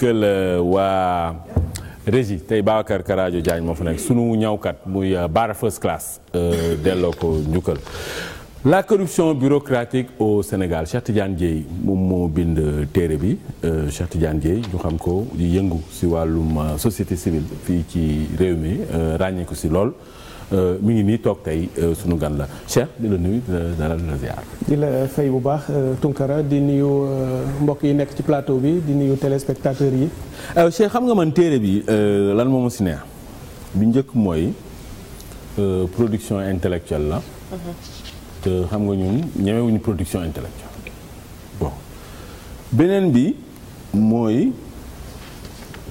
njukkal euh, waa régie tey Babacar Karajo Diagne moo fa nekk sunu ñawkat muy euh, Bara First Class euh, delloo ko njukkal la corruption bureaucratique au Sénégal Cheikh Tidiane Dièye moom moo bind téere bi Cheikh Tidiane Dièye ñu xam ko di yëngu si wàllum société civile fii ci réew mi ràññee ko si lool Euh, mu ngi nii toog tey euh, sunu gan la Cheikh di la nuyu di la dalal la ziar. di la fay bu baax euh, Tunkara di nuyu mbokk yi nekk ci plateau bi di nuyu téléspectateurs yi. Cheikh xam nga man téere bi lan moomu si neex bi njëkk mooy production intellectuelle la. Mm-hmm. te xam nga ñun ñemewuñu production intellectuelle beneen bi mooy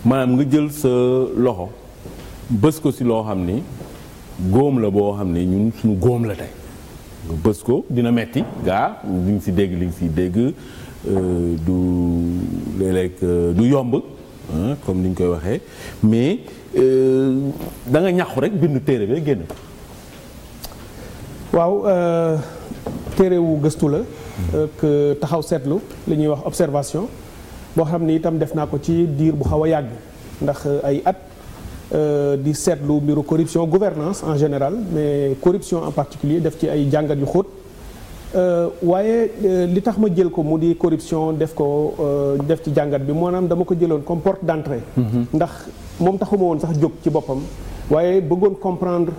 maanaam nga jël sa loxo bës ko si loo xam ni. góom la boo xam ne ñun suñu góom la tey bës ko dina metti gaa li nga si dégg li si dégg euh, du léeg-léeg euh, du yomb comme ni koy waxee mais euh, da nga ñaxu rek bind téere bi génn waaw téere wu gëstu la taxaw seetlu li ñuy wax observation boo xam ni itam def naa ko ci diir bu xaw a yàgg ndax ay at Euh, di seetlu mbiru corruption gouvernance en général mais corruption en particulier def ci ay jàngat yu xóot euh, waaye euh, li tax ma jël ko mu di corruption def ko def ci jàngat bi maanaam dama ko jëloon comme porte d'entrée mhm. ndax moom taxuma woon sax jóg ci boppam waaye bëggoon comprendre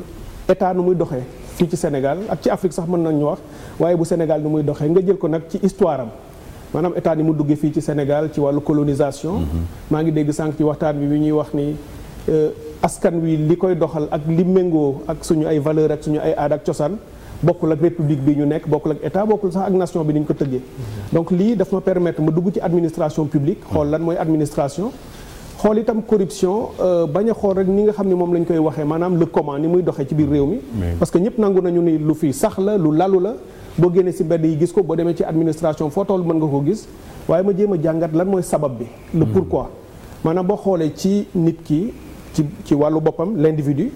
état nu muy doxee fii ci Sénégal ak ci Afrique sax mën nañu wax waaye bu Sénégal nu muy doxee nga jël ko nag ci histoire am maanaam état ni mu duggee fii ci Sénégal ci wàllu colonisation mhm. maa ngi dégg sànq ci waxtaan bi bi ñuy wax ni Euh, askan wi li koy doxal ak li méngoo ak suñu ay valeur ak suñu ay aada ak cosaan bokkul ak république bi ñu nekk bokkul ak état bokkul sax ak nation bi ni ñu ko tëggee. donc lii daf ma permettre ma dugg ci administration publique. xool lan mooy administration. xool itam corruption euh, bañ a xool rek ni nga xam ne moom lañ koy waxee maanaam le comment muy doxee ci biir réew mi. parce que ñëpp nangu nañu ni lu fi sax la lu lalu la. boo génnee si mbedd yi gis ko boo demee ci administration foo toll mën nga ko gis waaye ma jéem a jàngat lan mooy sabab bi. le hmm. pourquoi maanaam boo xoolee ci nit ki. ci ci wàllu boppam l'individu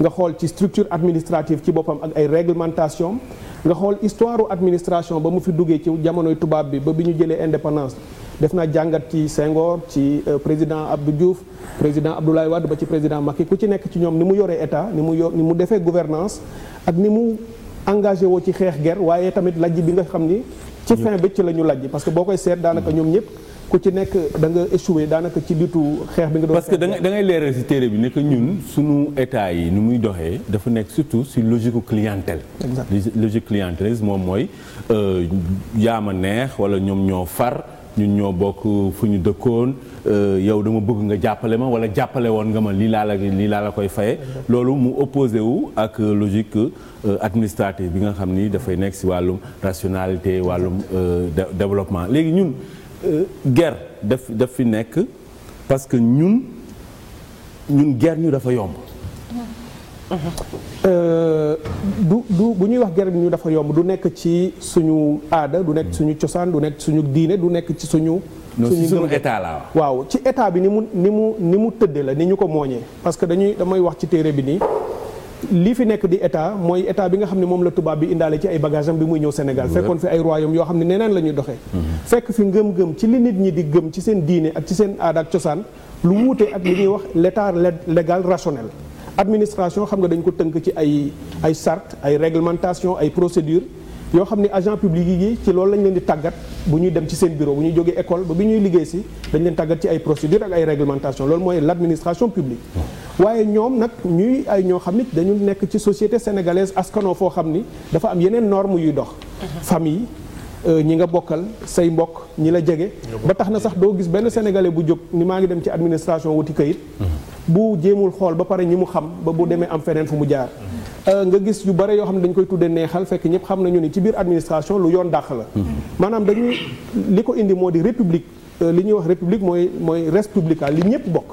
nga xool ci structure administrative ci boppam ak ay réglementation nga xool histoire administration ba mu fi duggee ci jamonoy tubaab bi ba bi ñu jëlee indépendance def naa jàngat ci Senghor ci euh, président Abdou Diouf président Abdoulaye Wade ba ci président Macky ku ci nekk ci ñoom ni mu yoree état ni mu yor ni mu defee gouvernance ak ni mu engagé woo ci xeex ger waaye tamit lajj bi nga xam ni ci fin bi ci la ñu lajj parce que boo koy seet daanaka ñoom ñëpp ku ci nekk da nga échoué daanaka ci liitu xeex bi nga parce que da ngay da ngay leeral si téere bi ne ñun suñu état yi ni muy doxee dafa nekk surtout si logique clientèle. logique clientélisme moom mooy euh, yaama neex wala ñoom ñoo far. ñun ñoo bokk fu ñu dëkkoon euh, yow dama bëgg nga jàppale ma wala jàppale woon nga ma lii laa la lii laa la koy faye loolu mu opposé wu ak logique euh, administrative bi nga xam ni dafay nekk si wàllum rationalité wàllum développement léegi ñun ger daf daf fi nekk parce que ñun ñun guerre ñu dafa yomb. Euh, du du bu ñuy wax bi ñu dafa yomb du nekk ci suñu aada du nekk suñu cosaan du nekk suñu diine du nekk ci suñu. suñu suñu état la waaw ci état bi ni mu ni mu ni mu tëddee la ni ñu ko mooñee parce que dañuy damay wax ci téere bi nii. li fi nekk di état mooy état bi nga xam ne moom la tubaab bi indaale ci ay bagage bi muy ñëw Sénégal fekkoon fi ay royaume yoo xam ne neneen la ñuy doxee mm-hmm. fekk fi ngëm-ngëm ci li nit ñi di gëm ci seen diine ak ci seen aada ak cosaan lu wuute ak li ñuy wax l'état légal rationnel administration xam nga dañ ko tënk ci ay ay charte ay réglementation ay procédure yoo xam ni agent public yi ci loolu lañ leen di tàggat bu ñuy dem ci seen bureau bu ñuy jógee école ba bi ñuy liggéey si dañ leen tàggat ci ay procédure ak ay réglementation loolu mooy l'administration publique waaye ñoom nag ñuy ay ñoo xam ni dañu nekk ci société sénégalaise askano foo xam ni dafa am yeneen norme yuy dox famille euh, ñi nga bokkal say mbokk ñi la jege ba tax na sax doo gis benn sénégalais bu jóg ni maa ngi dem ci administration wuti kayit mmh. bu jéemul xool ba pare ñi mu xam ba bu demee am feneen fu mu jaar Euh, nga gis yu bare yoo xam ne dañ koy tuddee neexal fekk ñëpp xam nañu ni ci biir administration lu yoon dàq la hmm. maanaam dañu li ko indi moo di république euh, li ñuy wax république mooy mooy res li ñëpp bokk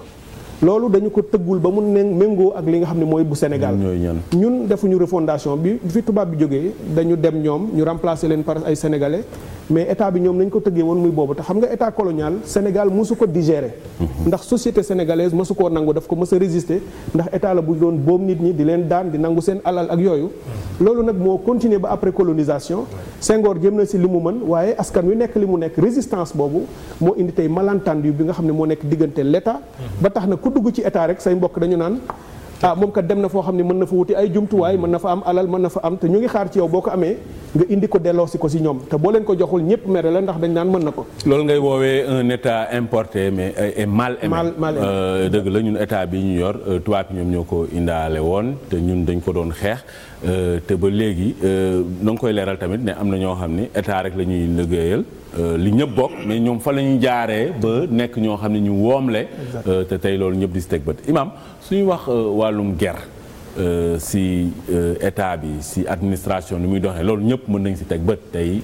loolu dañu ko tëggul ba mu ne méngoo ak li nga xam ne mooy bu Sénégal ñun ñu refondation bi fi tubaab bi jógee dañu dem ñoom ñu remplacer leen par ay sénégalais mais état bi ñoom nañ ko tëggee woon muy boobu te xam nga état colonial Sénégal mosu ko digérer mhm. ndax société sénégalaise mosu koo nangu daf ko mës a résister ndax la bu doon boom nit ñi di leen daan di nangu seen alal ak yooyu loolu nag moo continuer ba après colonisation sengoor jëm na si li mu mën waaye askan wi nekk li mu nekk résistance boobu moo indi tey malentendu bi nga xam ne moo nekk diggante l'état mhm. ba ku dugg ci état rek say mbokk dañu naan ah moom kat dem na foo xam ne mën na fa wuti ay jumtuwaay mën na fa am alal mën na fa am te ñu ngi xaar ci yow boo ko amee nga indi ko delloosi ko si ñoom te boo leen ko joxul ñëpp mere la ndax dañ naan mën na ko. loolu ngay woowee un état importé mais euh, mal mal aimé euh, dëgg la ñun état bi ñu yor euh, tubaab ñoom ñoo ko indaale woon te ñun dañ ko doon xeex. Euh, te ba léegi euh, na nga koy leeral tamit ne am na ñoo xam ne état rek la ñuy liggéeyal euh, li ñëpp bokk mais ñoom fa la ñu jaaree ba nekk ñoo xam ne ñu woomle te tey loolu ñëpp di si teg bët imam suñu wax wàllum guerre si état bi si administration ni muy doxee loolu ñëpp mën nañ si teg bët tey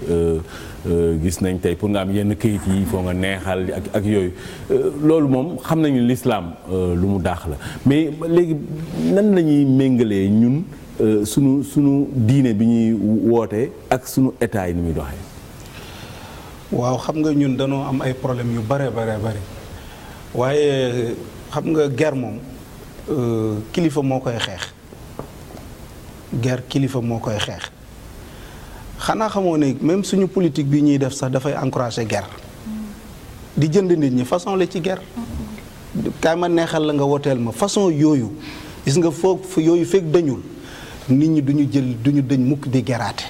gis nañ tey pour nga am yenn kayit yi foo nga neexal ak ak yooyu loolu moom xam nañu lislaam lu mu daax la mais léegi nan la ñuy méngalee ñun Euh, suñu suñu diine bi ñuy woote ak suñu état yi ni muy doxee. waaw xam nga ñun danoo am ay problème yu bare bare bare waaye xam nga ger moom euh, kilifa moo koy xeex ger kilifa moo koy xeex xanaa xamoo ne même suñu politique bi ñuy def sax dafay encourager guerre di jënd nit ñi façon la ci guerre kaay ma neexal la nga woteel ma façon yooyu gis nga foog yooyu fekk dañul nit ñi du ñu jël duñu ñu mukk di geraate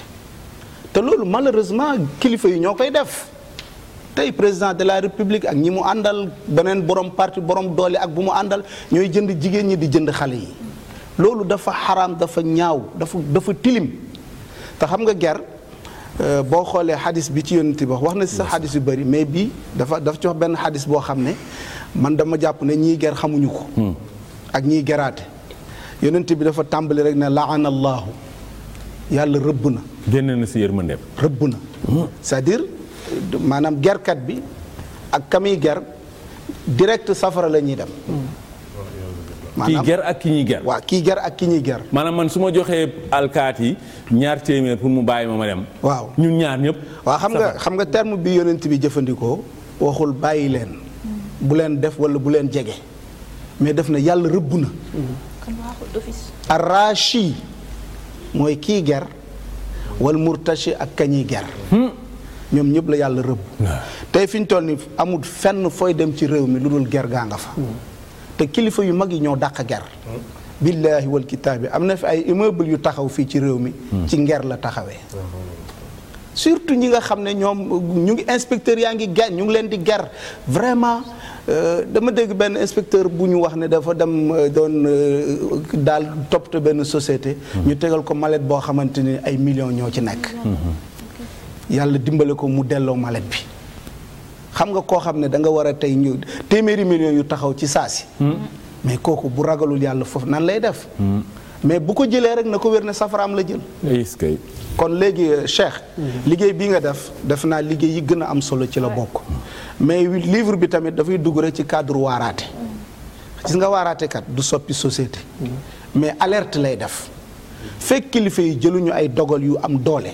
te loolu malheureusement kilifa yi ñoo koy def tey président de la république ak ñi mu àndal beneen borom parti borom doole ak bu mu àndal ñooy jënd jigéen ñi di jënd xale yi loolu dafa xaraam dafa ñaaw dafa dafa tilim te xam nga ger euh, boo xoolee xadis bi ci yonent bi wax wax na si sax xadis yu bëri mais bii dafa dafa ci wax benn xadis boo xam ne man dama jàpp ne ñii ger xamuñu ko hmm. ak ñiy geraate yonent bi dafa tàmbali rek na laana allahu yàlla rëbb na. génn na si yërmandeem. rëbb na. c'est-à-dire maanaam gerkat bi ak kamiy ger direct safara la ñuy dem. maanaam kii ger ak ki ñuy ger. kii ger ak ki ñuy ger. maanaam man su ma joxee alkaat ñaar téeméer pour mu bàyyi ma ma dem. waaw ñun ñaar ñëpp. waa xam nga xam nga terme bi yonent bi jëfandikoo. waxul bàyyi leen. bu leen def wala bu leen jege. mais def na yàlla rëbb na. arrachi mooy kii ger wal murtachi ak kañiy ger hmm. ñoom ñëpp la yàlla rëbb hmm. tey fi ñu toll ni amul fenn fooy dem ci réew mi lu dul ger gaa nga fa hmm. te kilifa yu mag yi ñoo dàq ger billaahi wal kitaabi am na fi ay immeuble yu taxaw fii ci réew mi ci nger la taxawee surtout ñi nga xam ne ñoom ñu ngi inspecteur yaa ngi ger ñu ngi leen di ger vraiment Euh, dama dégg benn inspecteur bu ñu wax ne dafa dem euh, doon euh, daal toppatoo benn société. Hmm. ñu tegal ko malet boo xamante ni ay millions ñoo ci nekk. Hmm, hmm. yàlla dimbale ko mu delloo malet bi. xam nga koo xam ne danga war a tey ñu téeméeri millions yu taxaw ci saa si. mais kooku bu ragalul yàlla foofu nan lay def. mais bu ko jëlee rek na ko wér ne safaraam la jël. kon léegi euh, Cheikh. Mm-hmm. liggéey bi nga def def naa liggéey yi gën a am solo ci la bokk. mais livre bi tamit dafay dugg rek ci cadre waaraate. Mm-hmm. gis nga waaraate du soppi société. Mm-hmm. mais alerte lay def. fekk kilifa yi jëluñu ay dogal yu am doole.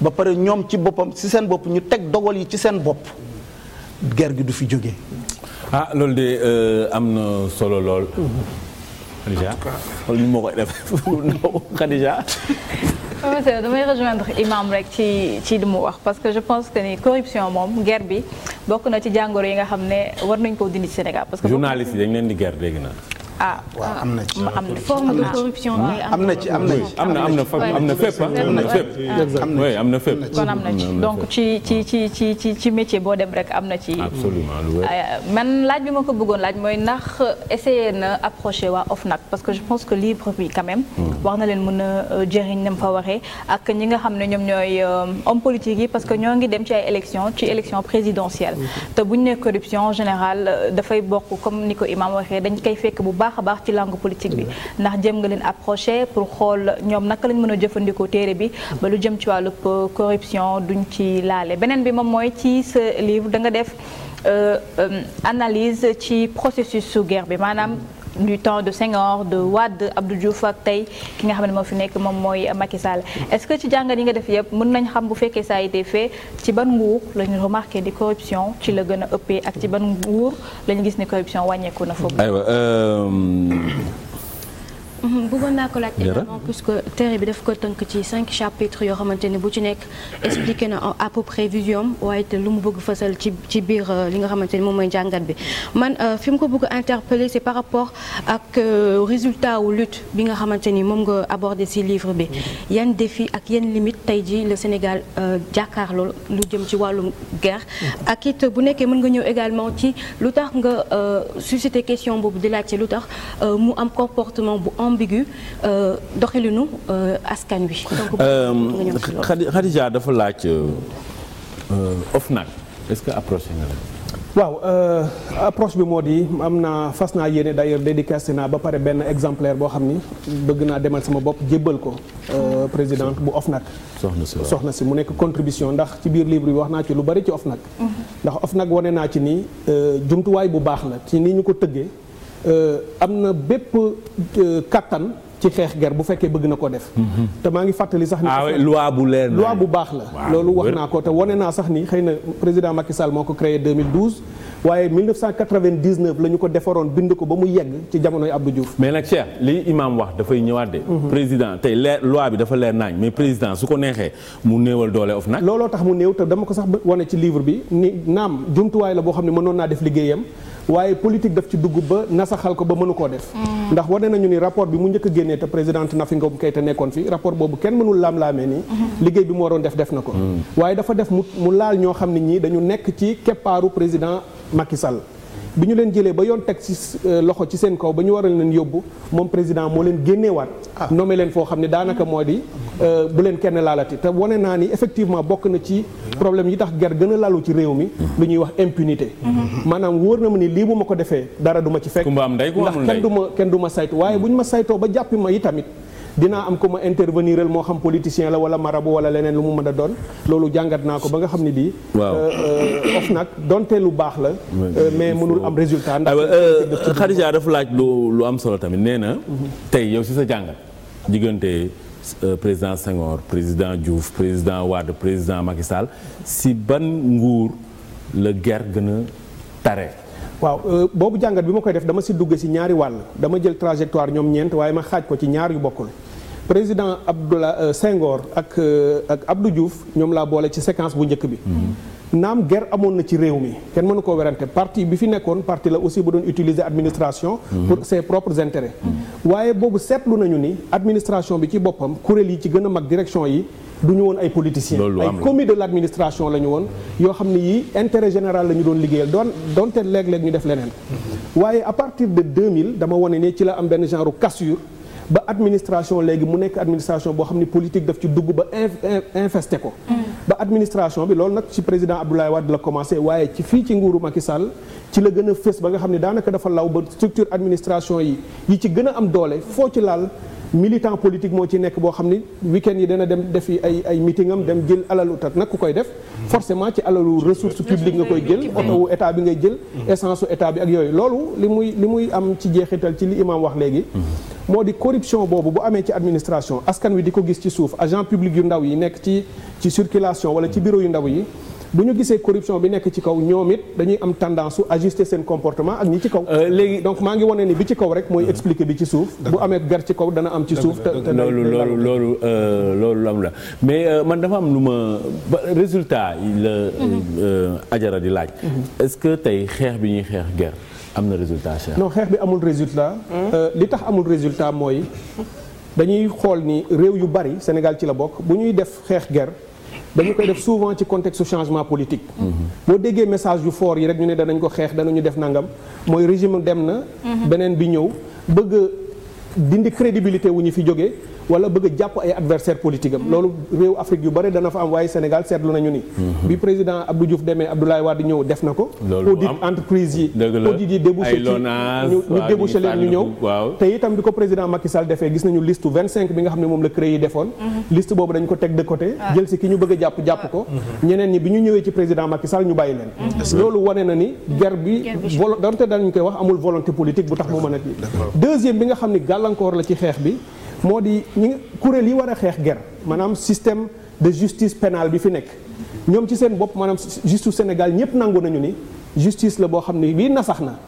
ba pare ñoom ci boppam ci seen bopp ñu teg dogal yi ci seen bopp. ger gi du fi jóge ah loolu de euh, am na solo lool. Khadija wala ni ma koy def Khadija. monsieur damay rejoindre imam rek ci ci li mu wax parce que je pense que ni corruption moom guerre bi bokk na ci jàngoro yi nga xam ne war nañ koo dindi ci Sénégal. parce que journaliste yi dañ leen di guerre dégg naa. ah waaw ah. am na ci forme de corruption bi am na ci am na ci am na am na am na fépp am na fépp am na fépp kon am na ci donc ci ci ci ci ci ci métier boo dem rek am na ci euh, man laaj bi ma ko bëggoon laaj mooy ndax essayer na approché waa OFNAC parce que je pense que livre bi quand même hmm. war na leen mën a euh, jëriñ na mu fa waxee ak ñi nga xam ne ñoom ñooy euh, homme politique yi parce que ñoo ngi dem ci ay élection ci élection présidentielle hmm. te buñ ne corruption en général dafay bokk comme ni ko imam waxee dañ koy fekk bu baax baax a baax ci langue politique bi ndax jëm nga leen approché pour xool ñoom naka lañ mën a jëfandikoo téere bi ba lu jëm ci wàllub euh, corruption duñ ci laale beneen bi moom mooy ci sa livre da nga def euh, euh, analyse ci processus su guerre bi maanaam du temps de Senghor de Wade Abdou Diouf ak tey ki nga xam ne moo fi nekk moom mooy Macky est-ce que ci jàngat yi nga def yëpp mën nañ xam bu fekkee ça a été fait ci ban nguur la ñu remarqué di corruption ci la gën a ëppee ak ci ban nguur lañu gis ni corruption wàññeeku na foofu. Euh, Mhm, bëggoon naa ko laaj également puisque téere bi daf ko tënk ci cinq yoo xamante bu ci nekk expliqué na à peu près waaye te lu mu bëgg fësal ci biir euh, li nga xamante ni moom mooy jàngat bi man euh, fi mu ko bëgg par rapport ak euh, résultat wu lutte bi nga xamante ni moom nga abordé si livre bi yan défi ak yan limite tey ji le Sénégal jàkkaarloo lu jëm ci wàllum guerre ak it bu nekkee mën nga ñëw également ci lu tax nga suscité question boobu di laajte lu tax mu am comportement bu ambigu euh, doxalinu euh, askan wi. Euh, Khadija dafa laaj OFNAC est-ce que approche nga waaw approche bi moo di am naa fas naa yéene d'ailleurs dédicacé ba pare benn exemplaire boo xam ni bëgg naa demal sama bopp jébbal ko présidente bu OFNAC soxna si mu nekk contribution ndax ci biir livre bi wax naa ci lu bari ci OFNAC mhm. ndax OFNAC wane naa ci ni jumtuwaay bu baax la ci ni ñu ko tëggee Euh, am na bépp euh, kattan ci xeex ger bu fekkee bëgg na ko def. Mhm. te maa ngi fàttali sax ni. ah bu leer loi bu baax la. loolu wax naa ko te wane naa sax ni xëy na président Macky Sall moo ko créé 2012. waaye 1999 la ñu ko defaroon bind ko ba mu yegg ci jamonoy Abdou Diouf. mais nag Cheikh li imam wax dafay ñëwaat de. Mhm. président tey leer loi bi dafa leer naañ mais président su ko neexee mu néewal doole of nag. looloo tax mu néew te dama ko sax wane ci livre bi ni naam jumtuwaay la boo xam ne mënoon naa def liggéeyam. waaye politique daf ci dugg ba nasaxal ko ba mënu koo def mm. ndax wane nañu ni rapport bi mu njëkk a génnee te présidente Nafi Ngom Keïta nekkoon fi rapport boobu kenn mënul laam-laamee ni mm-hmm. liggéey bi mu waroon def def na ko mm. waaye dafa def mu mu laal ñoo xam ne ñii dañu nekk ci keppaaru président Macky Sall bi ñu leen jëlee ba yoon teg ci euh, loxo ci seen kaw ba ñu waral leen yóbbu moom président moo leen génneewaat. ah nommé leen foo xam ne daanaka moo di. Euh, bu leen kenn laalati te wane naa ni effectivement bokk na ci problème yi tax ger gën a lalu ci réew mi. lu ñuy wax impunité. Mm-hmm. maanaam wóor na ma ni lii bu ma ko defee dara duma ci fekk. ndax kenn du ma kenn du ma saytu waaye bu ñu ma saytoo ba jàppi ma yi tamit. dinaa am ko ma interveniral moo xam politicien la wala marabu wala leneen lu mu mën a doon loolu jàngat naa ko ba nga xam ne bii. waaw euh, euh, of nag donte lu baax la. Euh, mais mënul am résultat. ndax ah Khadija dafa laaj lu lu am solo tamit nee na. Mhm. tey yow si sa jàngat diggante. président Senghor président Diouf président Wade président Macky Sall si ban nguur la guerre gën a tare waaw euh, boobu jàngat bi ma koy def dama si dugg si ñaari wàll dama jël trajectoire ñoom ñeent waaye ma xaaj ko ci ñaar yu bokkul président Abdoulaye euh, Senghor ak euh, ak Abdou Diouf ñoom laa boole ci séquence bu njëkk bi. Mm-hmm. naam guerre amoon na ci réew mi kenn mënu ko werante parti bi fi nekkoon parti la aussi bu doon utiliser administration. Mm-hmm. pour ses propres intérêts. Mm-hmm. waaye boobu seetlu nañu ni administration bi ci boppam kuréel yi ci gën a mag direction yi. du ñu woon ay politiciens ay commis de l' administration la ñu woon yoo xam ne yii intérêt général la ñu doon liggéeyal doon donte léeg-léeg ñu def leneen waaye à partir de 2000 dama wane ne ci la am benn genre cassure ba administration léegi mu nekk administration boo xam ne politique daf ci dugg ba infesté ko mm. ba administration bi loolu nag ci président Abdoulaye Wade la commencé waaye ci fii ci nguuru Macky Sall ci la gën a fës ba nga xam ne daanaka dafa law ba structure administration yi yi ci gën a am doole foo ci laal militant politique moo ci nekk boo xam ni week yi dana dem defi ay ay meeting am dem jël alalu tat nag ku koy def forcément ci alalu ressource publique nga koy jël oto wu état bi ngay jël essence su état bi ak yooyu loolu li muy li muy am ci jeexital ci li imam wax léegi moo di corruption boobu bu amee ci administration askan wi di ko gis ci suuf agent public yu ndaw yi nekk ci ci circulation wala ci bureau yu ndaw yi bu ñu gisee corruption bi nekk ci kaw ñoom it dañuy am tendance su ajuster seen comportement ak ñi ci kaw. Euh, léegi donc maa ngi wane nii bi ci kaw rek. mooy mhm. expliquer bi ci suuf. bu amee ber ci kaw dana am ci suuf. te loolu loolu loolu loolu euh, am la mais euh, man dafa am lu ma ba résultat yi la. Mhm. ajara di laaj. Mhm. est-ce que tey xeex bi ñuy xeex guerre am na résultat non xeex bi amul résultat. Hmm? li tax amul résultat mooy dañuy xool ni réew yu bari Sénégal ci la bokk bu ñuy def xeex guerre. dañu koy def souvent ci contexte changement politique. boo déggee message yu foor yi rek ñu ne danañ ko xeex danañu def nangam mooy régime dem na. Mhm. beneen bi ñëw bëgg dindi crédibilité wu ñu fi jóge wala bëgg jàpp ay adversaire politique am loolu réew Afrique yu bare dana fa am waaye Sénégal seetlu nañu ni mhm. bi président Abdou Diouf demee Abdoulaye Wade ñëw def na ko audit entreprise yi audit yi débouché ci ñu débouché leen ñu ñëw te itam di ko président Macky Sall defee gis nañu liste vingt cinq bi nga xam ne moom la CREI yi defoon mhm. liste boobu dañ ko teg de côté ah. jël si ki ñu bëgg a jàpp jàpp ko ah. mhm. ñeneen ñi bi ñu ñëwee ci président Macky Sall ñu bàyyi leen loolu wane na ni guerre bi volonté dañu koy wax amul volonté politique bu tax mu mën a bi nga xam ni gàllankoor la ci xeex bi moo di ñi kuréel yi war a xeex ger maanaam système de justice pénale bi fi nekk ñoom ci seen bopp maanaam justu Sénégal ñëpp nangu nañu ni justice la boo xam ne bii nasax na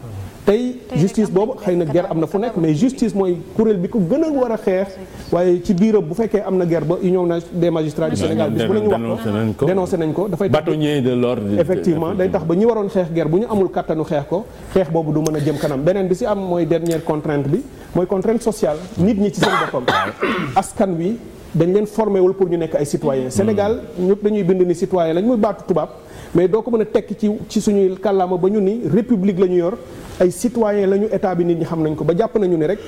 tey justice boobu xëy na guerre am na fu nekk mais justice mooy kuréel bi ko gën a war a xeex waaye ci biiram bu fekkee am na ger ba union des magistrats du Sénégal bis bu la ñu wax dénoncé nañ ko dafay bâtonnier de l'ordre day tax ba ñi waroon xeex guerre bu ñu amul kattanu xeex ko xeex boobu du mën a jëm kanam beneen bi si am mooy dernière contrainte bi mooy contrainte social nit ñi ci seen boppam askan wi dañ leen formé wul pour ñu nekk ay citoyen Sénégal ñëpp dañuy bind ni citoyen lañ muy baatu tubaab mais doo ko mën a tekki ci ci suñuy kàllaama ba ñu ni république la ñu yor ay citoyen la ñu état bi nit ñi xam nañ ko ba jàpp nañu ni rek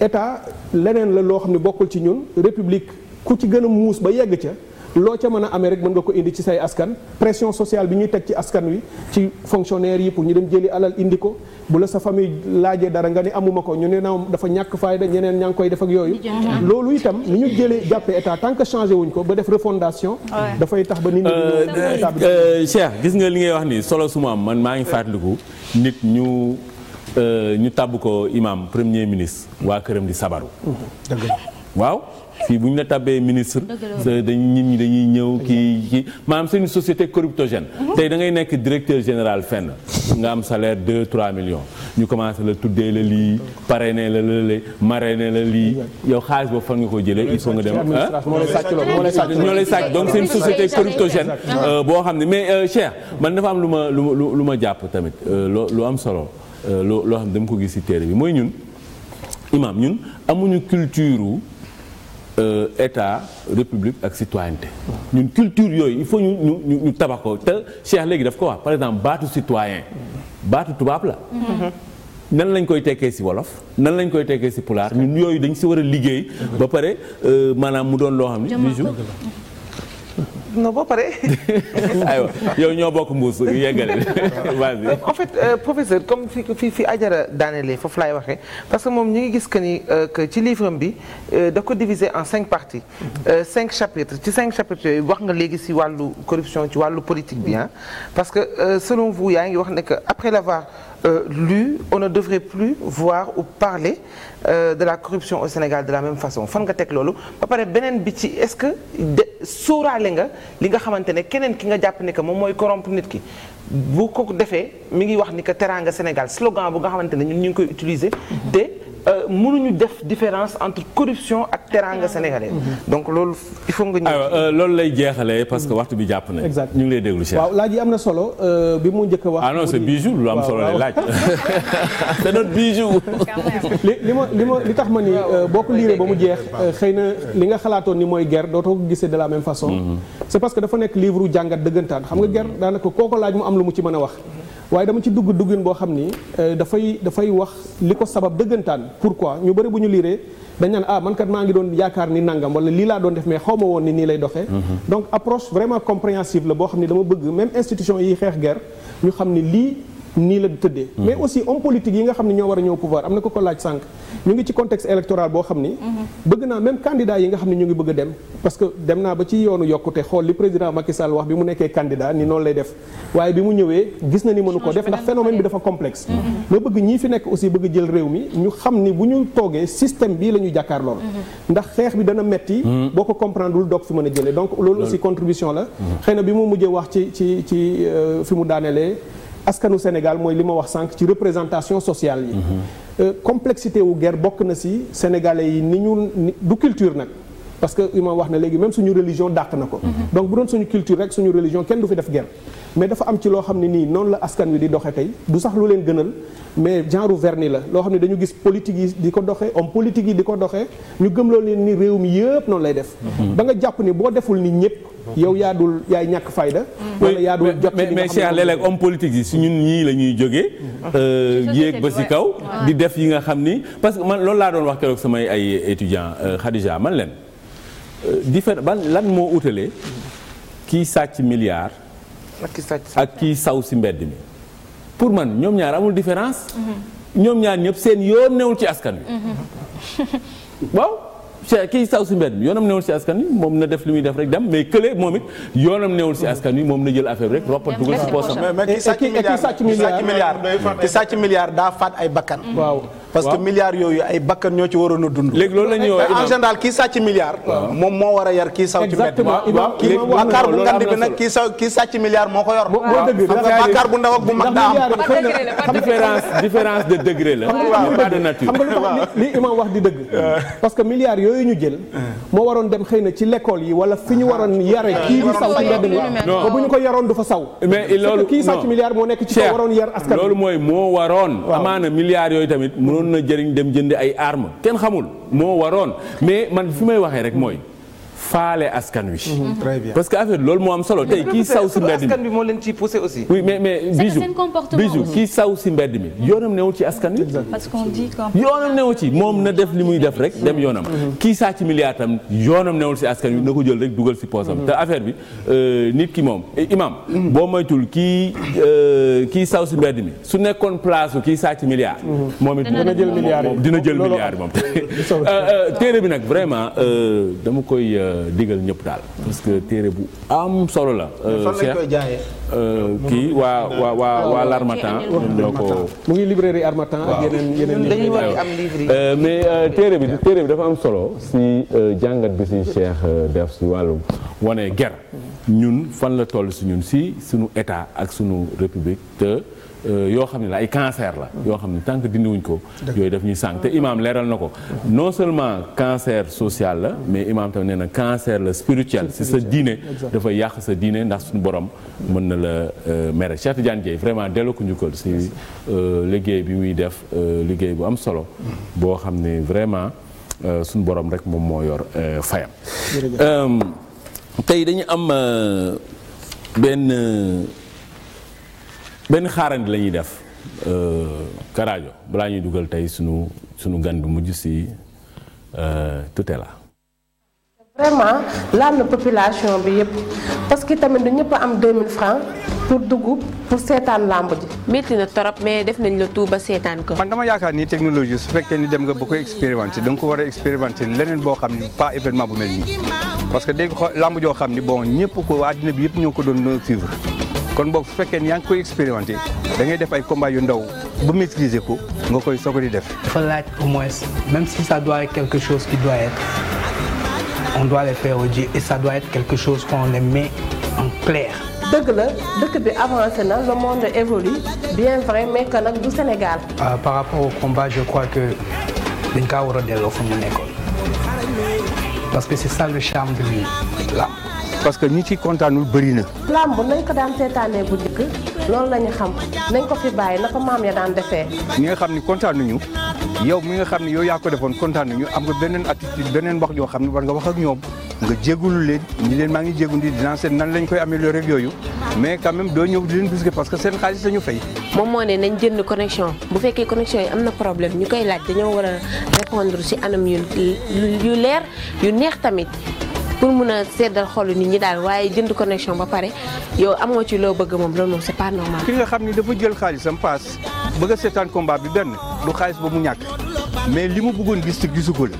état leneen la loo xam ne bokkul ci ñun république ku ci gën a muus ba yegg ca loo ca mën a amee rek mën nga ko indi ci say askan pression sociale bi ñuy teg ci askan wi ci fonctionnaire yi pour ñu dem jëli alal indi ko bu la sa famille laajee dara nga ne amuma ko ñu ne na dafa ñàkk fayda ñeneen ñaa ngi koy def ak yooyu loolu itam ni ñu jëlee jàppee état tant que changé wuñ ko ba def refondation dafay tax ba nit ñi euh, euh, euh, Cheikh gis nga li ngay wax ni solo su man maa ngi fàttaliku nit ñu ñu tàbb ko imam premier ministre waa këram di sabaru waaw fii bu ñu la tabee ministre dañ ñi dañuy ñëw kii kii maanaam c'est une société corruptogène mhm. tey da ngay nekk directeur général fenn nga am salaire 2 3 millions ñu commencé la tuddee la lii parrainé la lële marrainé la lii yow xaalis boo fan nga ko jëlee il soo nga dem ah? ñoo lay sàcc donc c'est une société corruptogène euh, boo xam ne mais euh, cher man dafa am lu ma lu lu ma jàpp tamit euh, loo lu am solo loo loo xam ne dama ko gis ci téere bi mooy ñun imam ñun amuñu culture Euh, état république ak citoyenneté ñun culture yooyu il faut ñu ñu ñu tabax ko te Cheikh léegi daf ko wax par exemple baatu citoyen baatu tubaab la nan lañ koy tekkee si wolof nan lañ koy tekkee si pulaar ñun yooyu dañu si war a liggéey ba pare euh, maanaam mu doon loo xam ni non ba pare. aywa yow ñoo bokk mbuus yeggale y en fait euh, professeur comme fi fi fi Ajara daanelee foofu laay waxee parce que moom ñu ngi gis que ni euh, que ci livre bi euh, da ko diviser en cinq parties. Mm-hmm. cinq chapitres ci cinq chapitres yooyu wax nga léegi si wàllu corruption ci wàllu politique bi parce que selon vous yaa ngi wax ne que après l'avoir euh, lu on ne devrait plus voir ou parler euh, de la corruption au Sénégal de la même façon fan nga teg loolu ba pare beneen bi ci est-ce que de sóoraale nga li nga xamante ne keneen ki nga jàpp ne que moom mooy corrompre nit ki bu ko defee mi ngi wax ni que teraanga Sénégal slogan bu nga xamante ne ñun ñu ngi koy utiliser te Euh, mënuñu def différence entre corruption ak teraanga sénégalais. donc loolu il faut nga. aywa euh, loolu lay jeexale parce que waxtu bi jàpp nañu. exact ñu ngi lay déglu Cheikh. waaw laaj am na solo euh, bi mu njëkk a wax. ah non c'est bijou lu am solo lay laaj. c'est notre bijou. li li ma li ma tax ma ni boo ko liiree ba mu jeex xëy na li nga xalaatoon ni mooy guerre dootoo ko gisee de la même façon. Mm-hmm. c'est parce que dafa nekk livre jàngat dëggantaan xam nga mm-hmm. guerre daanaka kooko laaj mu am lu mu ci mën a wax. waaye dama ci dugg duggin boo xam ni euh, dafay dafay wax li ko sabab dëggantaan pourquoi ñu bëri bu ñu liiree dañ naan ah man kat maa ngi doon yaakaar ni nangam wala lii laa doon def mais xaw ma woon ni nii lay doxee. Mm-hmm. donc approche vraiment compréhensive la boo xam ni dama bëgg même institution yi xeex guerre ñu xam ni lii. nii la tëddee mm-hmm. mais aussi homme politique yi nga xam ne ñoo war a ñëw pouvoir am na ko ko laaj sànq ñu ngi ci contexte électoral boo xam ni mm-hmm. bëgg naa même candidat yi nga xam ne ñu ngi bëgg dem parce que dem naa ba ci yoonu yokkute xool li président Macky wax bi mu nekkee candidat ni noonu lay def waaye bi mu ñëwee gis na ni mënu ko def ndax phénomène bi dafa complexe mm-hmm. ma bëgg ñii fi nekk aussi bëgg jël réew mi ñu xam ni bu ñu toogee système bii la ñu jàkkaar lool ndax bi dana metti boo ko comprendre lul doog fi mën a jëlee donc askanu Sénégal mooy li ma wax sànq ci représentation sociale yi. Mhm. Euh, complexité wu ger bokk na si sénégalais yi ni ñu du culture nag. parce que imam wax na léegi même suñu religion dàq na ko mhm. donc bu doon suñu culture rek suñu religion kenn du fi def guerre mais dafa am ci loo xam ne nii noonu la askan wi di doxe tey du sax lu leen gënal mais genre verni la loo xam ne dañu gis politique yi di ko doxe homme politique yi di ko doxee ñu gëm loo leen ni réew mi yëpp noonu lay def mhm. ba nga jàpp ni boo deful ni ñëpp yow yaa yaay ñàkk fayda mhm. wala yaa dul jot mais Cheikh léeg-léeg yi si ñun ñii la ñuy jógee euh, yéeg ba si kaw di def yi nga xam ni parce que man loolu laa doon wax keroog samay ay étudiant euh, Khadija man leen Euh, différent ba lan moo utalee kii sàcc milliard ak kii saw si mbedd mi pour man ñoom ñaar amul différence mhm. ñoom ñaar ñëpp seen yoon newul ci askan wi mhm. waaw kii saw si mbedd mi yoonam newul si askan wi moom na def li muy def rek dem mais kële moom it yoonam newul si mhm. askan wi moom na jël affaire rek roppat dugal si poosam mais kii sàcc milliard daa faat ay bakkan parce que milliards yooyu ay bakkan ñoo ci waroon a dund. léegi loolu la ñuy wax en a yar kii bu ngandi bu mag daa am. de degré la. xam nga li imam moo waroon dem xëy na ci l'école yi wala fi ñu ah. waroon yare kii di saw ci mbedd mi. ba bu ñu ko yaroon moo nekk ci loolu mooy moo waroon amaana milliards yooyu tamit mënoon na jëriñ dem jëndi ay armes kenn xamul moo waroon mais man fi may waxee rek mooy. faale askan wi. Mhm, très bien parce que affaire lool moo am solo tey kii saw si mbedd mi moo leen ciy poussé aussi. oui mais mais kii saw si mbedd mi yoonam newul ci askan wi. parce qu'on dit yoonam newul ci moom na def li muy def rek dem yoonam. Mhm. kii saa ci milliard tam yoonam newul si askan wi na ko jël rek dugal si poosam. Mhm. te affaire bi euh, nit ki moom imam boo moytul kii euh, kii saw si mbedd mi su nekkoon place kii saa ci milliard. moom it dina jël milliard dina jël milliard moom. Euh, téere bi nag vraiment dama koy. digal ñëpp daal parce que téere bu am solo la euh, euh, kii waa waa waa waa l'Harmattan ñoom ñoo ko mu ngi librairie Harmattan ak yeneen yeneen euh, mais téere bi téere bi dafa am solo si jàngat bi si Cheikh def si wàllu wane ger mm. ñun fan la toll si ñun si suñu état ak suñu république te Euh, yoo xam ne la ay cancer la mm-hmm. yoo xam ne tant que dindiwuñ ko yooyu daf ñuy sànq te imaam leeral na ko mm-hmm. non seulement cancer social la mais imaam tamit nee na cancer la spirituel si sa diine dafa yàq sa diine ndax suñu borom mën na la euh, mere Cheikh Tidiane Dièye vraiment delloo ko njukkal si euh, liggéey bi muy def liggéey bu am solo mm-hmm. boo xam ne vraiment suñu boroom rek moom moo yor fayam tey dañu am benn benn xaarandi la ñuy def euh, Karajo balaa ñuy dugal tey sunu sunu gan bu mujj si euh, tutela vraiment laal na population bi yëpp parce que tamit du ñëpp am 2000 francs pour dugg pour seetaan làmb ji. métti na torop mais def nañ la tout ba seetaan ko. man dama yaakaar ni technologie su fekkee ni dem nga ba koy expérimenté da ko war a expérimenté leneen boo xam ni pas événement bu mel nii parce que dégg nga làmb joo xam ni boo ñëpp ko àddina bi yëpp ñoo ko doon suivre. kon boog su fekkee ni ngi koy expérimenté da ngay def ay combat yu ndaw ba maîtriser ko nga koy soog di def. dafa laaj au moins même si ça doit être quelque chose qui doit être on doit le faire au Dieu et ça doit être quelque chose qu'on les met en clair. dëgg la dëkk bi avancé na le monde évolue bien vrai mais que nag du Sénégal. Euh, par rapport au combat je crois que dañ kaa war a delloo fa mu nekkoon parce que c'est ça le charme de lui là. parce que ñi ci kontaanul bëri na. lamb nañ ko daan seetaanee bu njëkk loolu la xam nañ ko fi bàyyi na ko maam ya daan defee. ñi nga xam ni kontaanuñu yow mi nga xam ni yow yaa ko defoon kontaanuñu am nga beneen attitude beneen wax yoo xam ne war nga wax ak ñoom nga jégalu leen ñi leen maa ngi jégalu di dinaa seet nan lañ koy améliorer ak yooyu mais quand même doo ñëw di leen busqué parce que seen xaalis la ñu fay. moom moo ne nañ jënd connexion bu fekkee connexion yi na problème ñu koy a répondre ci anam tamit. pour mun a seddal xolu nit ñi daal waaye jënd connexion ba pare yow amoo ci loo bëgg moom loolu moom c'est pas normal. ki nga xam ni dafa jël xaalisam paas bëgg a seetaan combat bi benn du xaalis ba mu ñàkk mais li mu bëggoon gis ci gisu ko la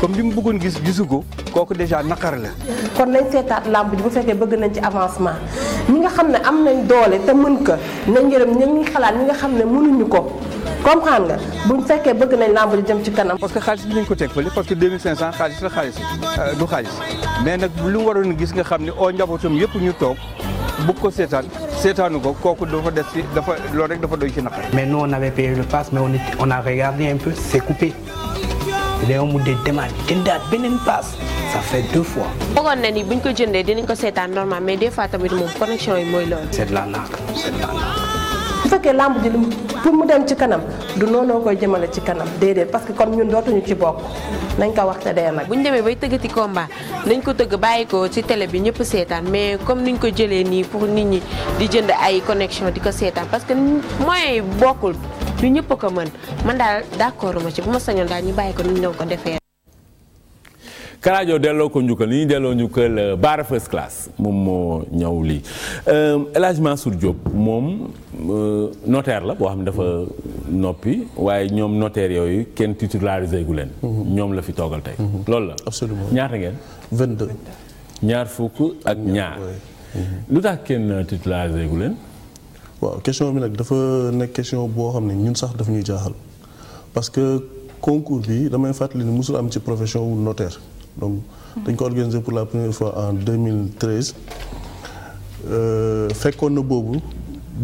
comme li mu bëggoon gis gisu ko kooku déjà naqar la. kon nañ seetaat làmb ji bu fekkee bëgg nañ ci avancement ñi nga xam ne am nañ doole te mën ko na njëriñ ñi xalaat ñi nga xam ne mënuñu ko. comprendre nga buñ fekkee bëgg nañ làmb ji jëm ci kanam. parce que xaalis bi nañ ko teg fële parce que 2500 xaalis la xaalis euh, du xaalis mais nag lu waroon gis nga xam ne o njabootam yëpp ñu toog bu ko seetaan seetaanu ko kooku dafa des ci dafa lool rek dafa doy ci naqar. mais nous on avait payé le pass mais on est beneen paas ça fait deux fois. ko jëndee dinañ ko seetaan normal mais des fois tamit moom connexion yi moy loolu. c'est de la la bu fekkee làmb ji pour mu dem ci kanam du noonoo koy jëmale ci kanam déedéet parce que kon ñun dootuñu ci bokk nañ ko wax te dee nag. bu ñu demee bay tëggati combat nañ ko tëgg bàyyi ko ci tele bi ñëpp seetaan mais comme niñ ko jëlee nii pour nit ñi di jënd ay connection di ko seetaan parce que moyens bokkul du ñëpp ko mën man daal d'accord ma ci bu ma sañoon daal ñu bàyyi ko ni ñu doon ko defee. Karajo delloo ko njukkal ni ñuy delloo njukkal euh, Baara First Class moom moo ñaw lii euh, El Hadj Mansour moom euh, notaire la boo xam ne dafa noppi waaye ñoom notaire yooyu kenn titularisé gu leen. Mhm. ñoom la fi toogal tey. Mhm. loolu la. absolument ñaata ngeen. 22. ñaar fukk ak ñaar. Mhm. lu tax kenn titularisé gu leen. waaw question bi nag dafa nekk question boo xam ne ñun sax daf ñuy jaaxal parce que concours bi damay fàttali ni mosul am ci profession wu notaire. donc dañ ko organisé pour la première fois en 2013 euh, fekkoon na boobu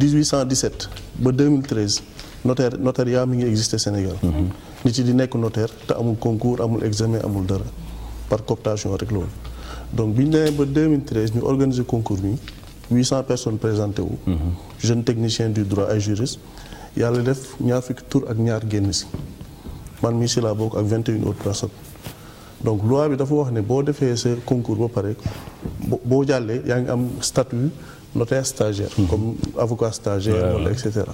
1817 ba 2013 notaire notariat mi ngi existé Sénégal. Mhm. nit yi di nekk notaire te amul concours amul examen amul dara par cooptation rek loolu. donc bi ñu demee ba 2013 ñu organiser concours bi 800 personnes présenté wu. Mhm. jeunes techniciens du droit ay juristes yàlla def ñaar fukki tur ak ñaar génn si man mii si laa bokk ak 21 autres donc loi bi dafa wax ne boo defee sa concours ba pare boo jàllee yaa ngi am statut notaire stagiaire. Hmm. comme avocat stagiaire. wala et cetera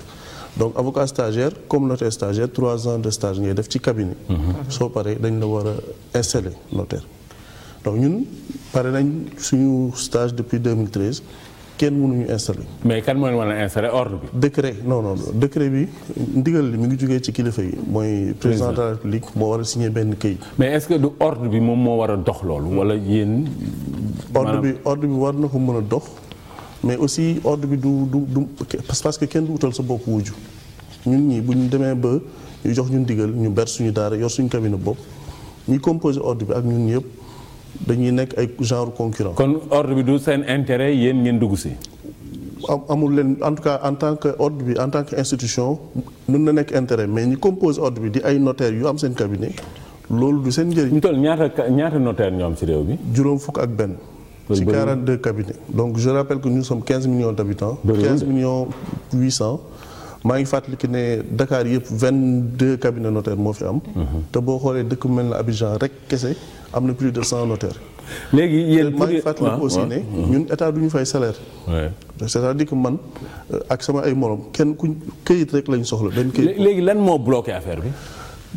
donc avocat stagiaire comme notaire stagiaire trois ans de stage ngay def ci cabinet. Hmm. Mhm. soo paree dañ la war a installer notaire donc ñun pare nañ suñu stage depuis 2013. kenn mënuñu installé. mais kan moo leen war a installé ordre bi. décret non non non bi ndigal li mi ngi jógee ci kilifa yi mooy. président de moo war a signé benn këyit. mais est-ce que du ordre bi moom moo war a dox loolu wala yéen. ordre bi ordre bi war na ko mën a dox. mais aussi ordre bi du du du parce que kenn du utal sa bopp wuju ñun ñii bu ñu demee ba ñu jox ñu ndigal ñu ber suñu daara yor suñu cabinet bopp ñi composé ordre bi ak ñun ñëpp. dañuy nekk ay genre concurrent kon ordre bi du seen intérêt yéen ngeen dugg si. amul leen en tout cas en tant que ordre bi en tant que institution mën na nekk intérêt mais ñi compose ordre bi di ay notaire yu am seen cabinet loolu du seen njëriñ. ñu toll ñaata ñaata notaire ñoo am si réew bi juróom fukk ak benn. ci 42 cabinets donc je rappelle que nous sommes 15 millions d'habitants. 15 millions maa ngi fàttali ne Dakar yëpp 22 cabinets notaires moo fi am. Mhm. te boo xoolee dëkk mel na Abidjan rek kese. am na plus de cent notaires. léegi yéen maa ngi fàttaliku aussi ne ñun état du ñu fay salaire. c'est-à-dire que man euh, ak sama ay morom kenn kuñ këyit rek lañ soxla. benn këyit léegi lan moo bloqué affaire bi.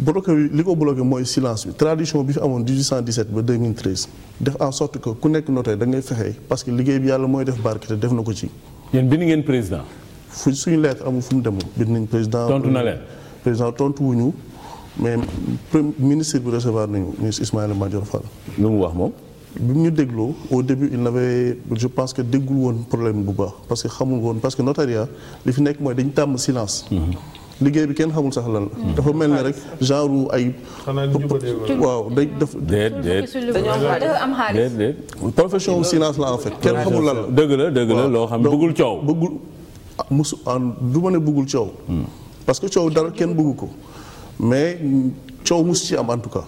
bloqué bi li ko bloqué mooy silence bi tradition bi fi amoon 1817 ba 2013 def en sorte que ku nekk notaire da ngay fexe parce que liggéey bi yàlla mooy def barke te def na ko ci. yéen bind ngeen président. fu suñu lettre amul fu mu demoon bind nañ président. tontu na euh, leen président tontu wuñu mais premier ministre bi recevoir nañu ministre Ismaïla Madior Fall. lu mu wax moom. bi ñu dégloo au début il n'avait je pense que déggul woon problème bu baax parce que xamul woon parce que notariat li fi nekk mooy dañu tàmm silence. liggéey bi kenn xamul sax lan dafa mel na rek genre ay. waaw day def. déedéet déedéet profession wu silence la en fait. kenn xamul lan la dëgg la dëgg la loo xam ne bëggul coow. bëggul ah mosu ah, du ma ne bëggul coow. Hmm. parce que coow dara kenn bëggu ko. mais coow mus ci am en tout cas.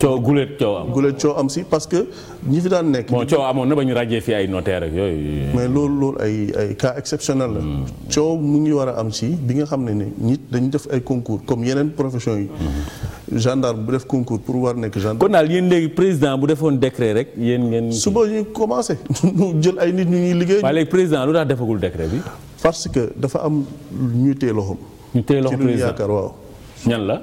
coow gulet coow am gulet coow am si parce que ñi fi daan nekk. bon coow amoon na ba ñu ràjjee fii ay notaire ak yooyu. mais loolu loolu ay ay cas exceptionnel la. Hmm. coow mu ngi war a am si bi nga xam ne ni nit dañu def ay concours comme yeneen profession yi. Hmm. gendarme bu def concours pour war nekk gendarme. kon daal yéen léegi président bu defoon décret rek yéen ngeen. suba ñu commencé ñu jël ay nit ñu ñuy liggéey. waaye léegi président lu tax defagul décret bi. parce que dafa am ñu téye ñu téye loxo président ci waaw. ñan la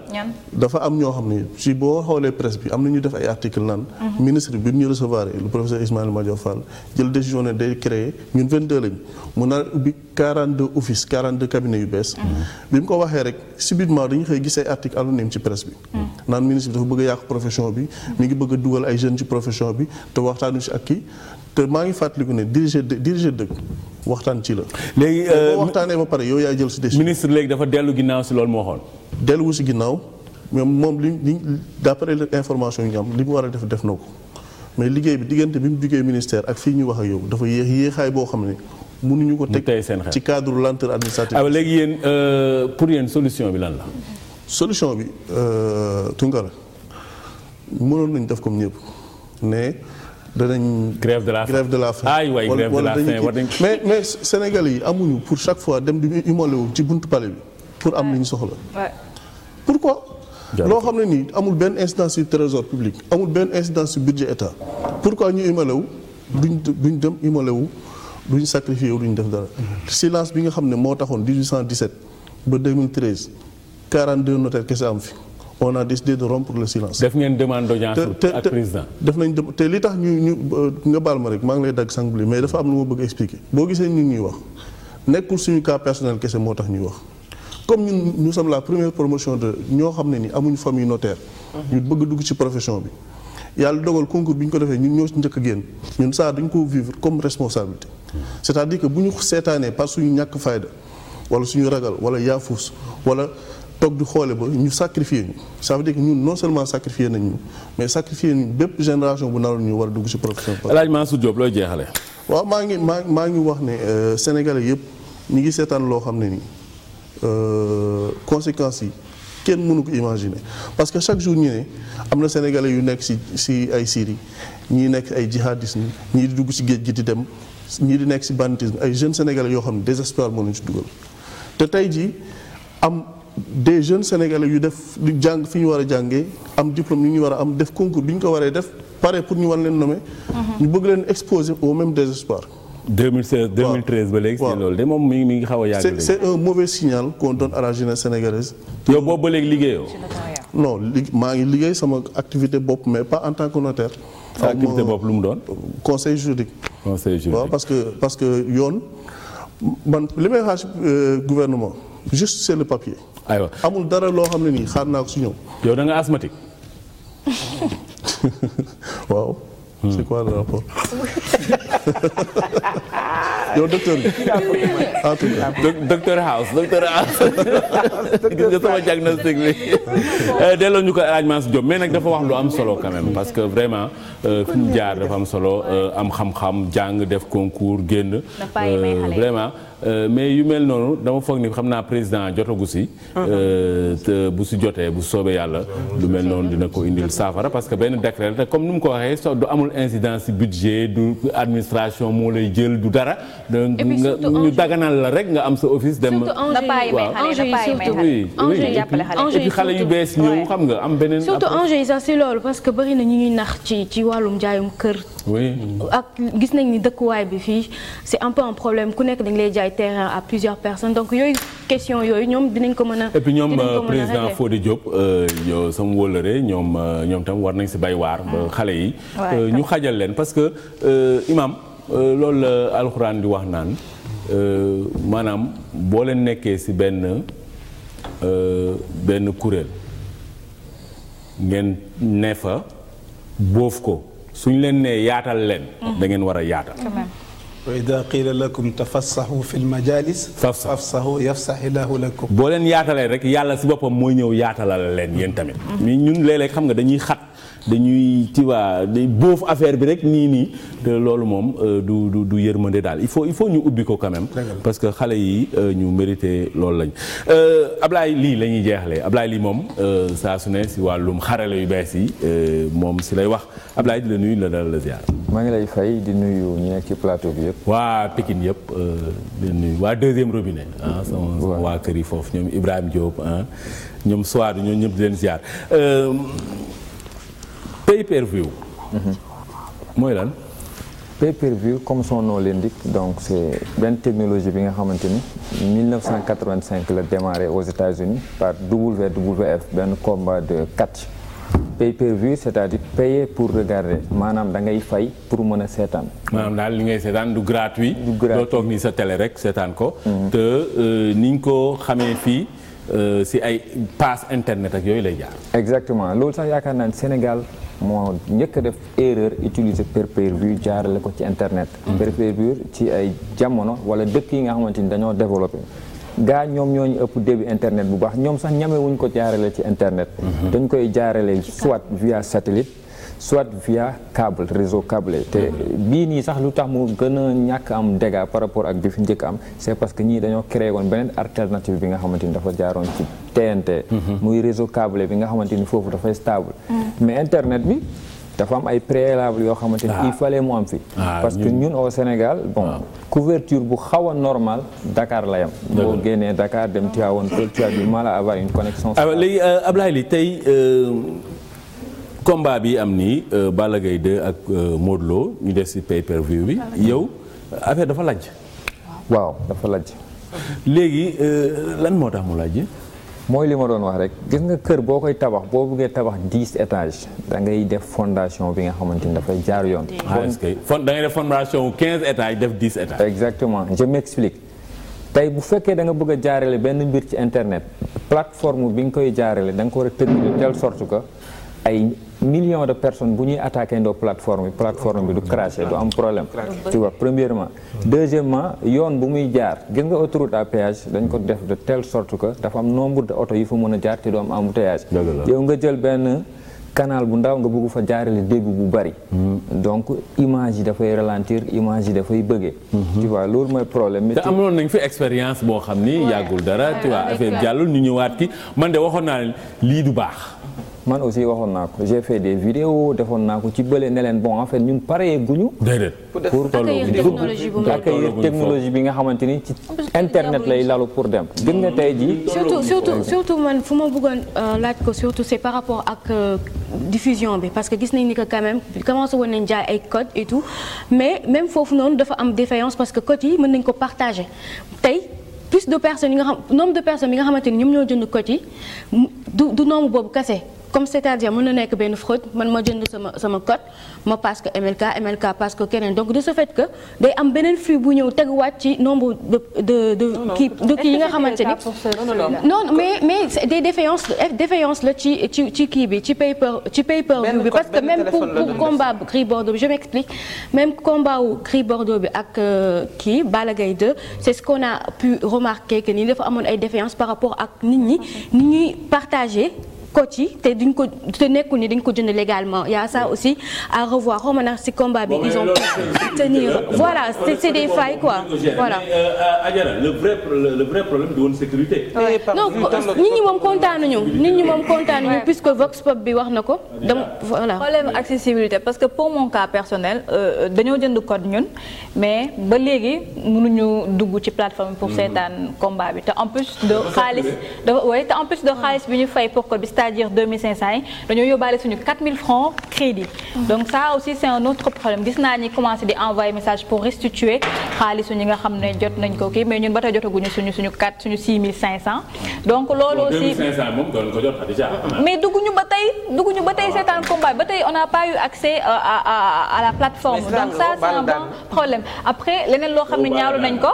dafa am ñoo xam ne si boo xoolee presse bi am na ñu def ay article naan mhm. ministre bi ñu recevoir le professeur Ismaïla Madior Fall jël décision ne day créer ñun 22 lañ mu nar ubbi 42 office 42 cabinets yu bees mhm. bi ko waxee rek subitement dañu xëy gis ay article anonyme ci presse bi mhm. naan ministre bi dafa bëgg a yàq profession bi mi ngi bëgg dugal ay jeune ci profession bi te waxtaanu si ak kii te maa ngi fàttaliku ne diriger diriger dëkk waxtaan ci la léegi boo euh, waxtaanee ba pare yow ministre léegi dafa dellu ginnaaw si loolu moo xoon delluwu si ginnaaw mais moom li ñu d'après les informations yi ñu am li mu war a def def na ko mais liggéey bi diggante bi mu jugee ministère ak fii ñu wax ak yow dafa yéex yéexaay boo xam ne. mënuñu ko teg ci cadre lenteur administrative. waaw ah léegi yéen euh, pour yéen solution bi lan la. solution bi euh, Tunkara mënoon nañ def comme ñëpp ne danañ. grève de la faim grève la faim. waay grève de la faim war nañ mais yi amuñu pour chaque fois dem di immolé wu ci buntu pale bi pour am li ñu soxla. pourquoi. loo xam ne nii amul benn incidence sur trésor public amul benn incidence sur budget état pourquoi ñu imalewu duñ duñ dem imalewu duñ sacrifié wu duñ def dara silence bi nga xam ne moo taxoon 1817 ba 2013 42 notaires kese am fi on a décidé de rompre le silence. def ngeen demande d'audience ak nañ te li tax ñu ñu euh, nga baal ma rek maa ngi lay dagg sang bi mais dafa am lu ma bëgg expliquer boo gisee ñu ngi ñuy wax nekkul suñu cas personnel kese moo tax ñuy wax. comme ñun nous sommes la première promotion de ñoo xam ne ni amuñu famille notaire. Mhm. ñu bëgg dugg ci profession bi. yàlla dogal concours bi ñu ko defee ñun ñoo njëkk a génn ñun saa dañ ko vivre comme responsabilité. Mhm. c'est-à-dire que bu ñu seetaanee par suñu ñàkk fayda wala suñu ragal wala yaafuus wala toog di xoole ba ñu sacrifier ñu ça veut dire que ñun non seulement sacrifier nañ mais sacrifier ñu bépp génération bu naroon ñu war a dugg ci profession. El Hadj Mansour Diop looy jeexale maa ngi maa maa ngi wax ne euh, sénégalais yëpp ñi ngi seetaan loo xam ne nii. Euh, conséquence yi kenn mënu ko imaginer parce que chaque jour ñu ne am na sénégalais yu nekk ci ci ay Syrie ñii nekk ay jihadisme ñi di dugg ci géej gi di dem ñii di nekk ci banditisme ay jeunes sénégale yoo xam ne désespoir moo leen ci dugal te tey jii am des jeunes sénégalais yu def di jàng fi ñu war a jàngee am diplôme yu ñu war a am def concours bi ñu ko waree def pare pour ñu war leen nommer. Mhm. ñu bëgg leen exposer au même désespoir. 2016 2013 ba léegi. waaw loolu de moom mi ngi xaw a yàgg léegi. c'est un mauvais signal qu'on donne à la jeunesse sénégalaise. maa ngi liggéey sama activité bopp mais pas en tant que notaire. sa activité bopp lu mu doon. conseil juridique. conseil juridique waaw parce que parce que yoon man li may xaar euh, gouvernement juste c'est le papier. aywa amul dara loo xam ne nii xaar naa ko su ñëw. yow da nga asthmatique. waaw. c'est quoi le rapport. yow docteur bi. en tout cas docteur House docteur House. gis nga sama diagnostic bi. Eh, delloo ñu ko El Hadj Diop mais nag dafa wax lu am solo quand parce que vraiment euh, fi jaar dafa am solo euh, am xam-xam jàng def concours génn. Euh, vraiment. Euh, mais yu mel noonu dama foog ni xam naa président jotagu si. Uh-huh. Euh, te bu si jotee bu soobee yàlla. lu mel noonu dina ko indil saafara parce que benn décret la te comme ni mu ko waxee so du amul incidence si budget du administration moo lay jël du dara. ñu daganal la rek nga am sa office dem. surtout yi xale yu bees ñëw am beneen. surtout enjeu yi sax si loolu parce que bëri na ñu ñuy nax ci ci wàllum jaayum kër. oui ak gis nañ ni dëkkuwaay bi fii c'est un peu un problème ku nekk dañ lay jaay terrain à plusieurs personnes donc yooyu question yooyu ñoom dinañ ko mën a. et ñoom euh, président Fodé Diop yow euh, sama wóolare ñoom euh, ñoom tam war nañ si bay waar. xale yi. ñu xajal leen parce que imam loolu la alxuraan di wax naan maanaam boo leen nekkee si benn benn kuréel ngeen neefa fa boof ko suñ leen nee yaatal leen. Mhm. da ngeen war a yaatal. wa ida qila lakum tafassaxu fi lmajalis fafsaxu yafsaxi laahu lakum boo leen yaatalee rek yàlla si boppam mooy ñëw yaatalal leen yéen tamit mm-hmm. ñun léeg xam nga dañuy xat dañuy tu vois day affaire bi rek nii nii te loolu moom euh, du du du yërmande daal il faut il faut ñu ubbi ko quand parce que xale yi euh, ñu mérité loolu lañ. Euh, Ablaye lii la ñuy jeexalee Ablaye lii moom saa su ne si wàllum xarale yu bees yi moom si lay wax Ablaye di la nuyu la dal la ziar. maa ngi lay fay di nuyu ñu nekk ci plateau bi yëpp. waa Pikine yëpp di waa deuxième robine ah sama waa kër yi foofu ñoom Ibrahima Diop ah ñoom Souare ñoom ñëpp di leen ziar. pay per view. mooy lan. pay per view comme son nom l'indique donc c'est benn technologie bi nga xamante ni 1985 la démarré aux États-Unis par WWF benn combat de catch. pay per view c'est-à-dire payer pour regarder maanaam da ngay fay pour mën a seetaan. maanaam daal li ngay seetaan du gratuit. du gratuit doo toog ni sa télé rek seetaan ko. Mhm. te euh, ni ñu ko xamee fii. Euh, si ay pass internet ak yooyu lay jaar. exactement loolu sax yaakaar naa ne Sénégal moo njëkk def erreur utiliser pay-per-view ko ci internet. Mm. pay per ci ay jamono wala dëkk yi nga xamante ni dañoo développé. gaa ñoom ñoo ñu ëpp débit internet bu baax ñoom sax ñamewuñ ko jaarale ci internet. Mm-hmm. dañ koy jaarale soit via satellite. soit via câble réseau câblé te mhm. bii nii sax lu tax mu gën a ñàkk am dégâts par rapport ak bi fi njëkk am c'est parce que ñii dañoo créé woon beneen alternative bi nga xamante ni dafa jaaroon ci TNT mhm. muy réseau câblé bi nga xamante ni foofu dafay stable mhm. mais internet bi dafa am ay préalable yoo xamante ni ah. il fallait mu am fi ah, parce que ñun au Sénégal ah. couverture bu xaw a normal Dakar la yam boo génnee Dakar dem Tivaouane Peulh tu as du mal euh, tey euh, combat bi am nii euh, bala Gaye 2 ak euh, Modou ñu def ci pay view bi yow affaire dafa laj waaw dafa lajj léegi euh, lan moo tax mu lajj mooy li ma doon wax rek gis nga kër boo koy tabax boo bëggee tabax dix étage da ngay def fondation bi nga xamante ni dafay jaar yoon. Ah, fond da ngay def fondation quinze étages def dix étages. exactement je m'explique tey bu fekkee da nga bëgg a jaarale benn mbir ci internet plateforme bi nga koy jaarale da nga ko war a tënk de sort sorte que ay millions de personnes bu ñuy attaqué ndoo plateforme bi plateforme bi du craché du am problème tu premièrement deuxièmement yoon bu muy jaar gis nga autoroute à péage dañ ko def de telle sorte que dafa am nombre de oto yi fa mën a jaar te du am embouteillage yow nga jël benn kanaal bu ndaw nga bëggu fa jaarale débit bu bari mm-hmm. donc image yi dafay ralentir image yi dafay bëggee mm-hmm. tu vois loolu mooy problème te amoon nañ fi expérience boo xam ni yàggul dara tu vois affaire jàllul ñu ñëwaat ki man de waxoon naa lii du baax man aussi waxoon naa ko j'ai fait des vidéos defoon naa ko ci bële ne leen bon en fait ñun paree guñu. déedéet pour accueillir technologie bi nga xamante ni ci internet lay lalu pour dem. gën nga tey ji surtout surtout man fu ma bëggoon euh, laaj ko surtout c'est par rapport ak euh, diffusion bi parce que gis nañ ni que quand même commencé woon nañ jaay ay code et mais même foofu noonu dafa am défaillance parce que code yi mën nañ ko partager tey. plus de personnes yi nga xam nombre de personnes yi xamante ni ñoom ñoo jënd ko ci boobu kese comme c'est-à-dire mën na nekk benn fraude man ma jënd sama sama code ma passe ko MLK MLK passe keneen donc de ce fait que day am beneen flux bu ñëw teguwaat ci nombre de de de kii yi nga xamante ni non mais mais des défaillances défaillance la ci ci ci kii bi ci paper ci paper view bi parce que même pour pour combat gris bordeaux bi je m'explique même combat wu bordeaux bi ak euh, kii Balla Gaye 2 c'est ce qu'on a pu remarquer que ni dafa amoon ay défaillance par rapport ak nit ñi nit ñuy partager ko ci te duñ ko te dañ ko jënd légalement y a aussi à revoir xaw ma nag si combat bi ils ont tenir voilà c'est des failles quoi voilà. Euh, euh, Adjara le vrai le vrai problème di woon sécurité. Eh, non nit ñi moom kontaanuñu nit ñi moom kontaanuñu puisque Vox Pop bi wax na ko donc voilà. problème accessibilité parce que pour mon cas personnel euh, dañoo jënd code ñun mais ba léegi mënuñu dugg ci plateforme pour mm-hmm. seetaan combat bi te en plus de xaalis de waaye te en plus de xaalis bi ñu fay pour code bi c'est-à-dire 2500 yi dañoo yóbbaale suñu 4000 francs crédit donc ça aussi c'est un autre problème gis naa ñi commencé di envoyer message pour restituer xaalisu ñi nga xam ne jot nañ ko kii mais ñun ba jotaguñu suñu suñu 4 suñu 6500 donc loolu mais dugguñu ba tey dugguñu ba tey c'est ah, combat ba tey on n'a pas eu accès euh, à la plateforme donc ça c'est un bon problème après leneen loo xam ne ñaaru nañ ko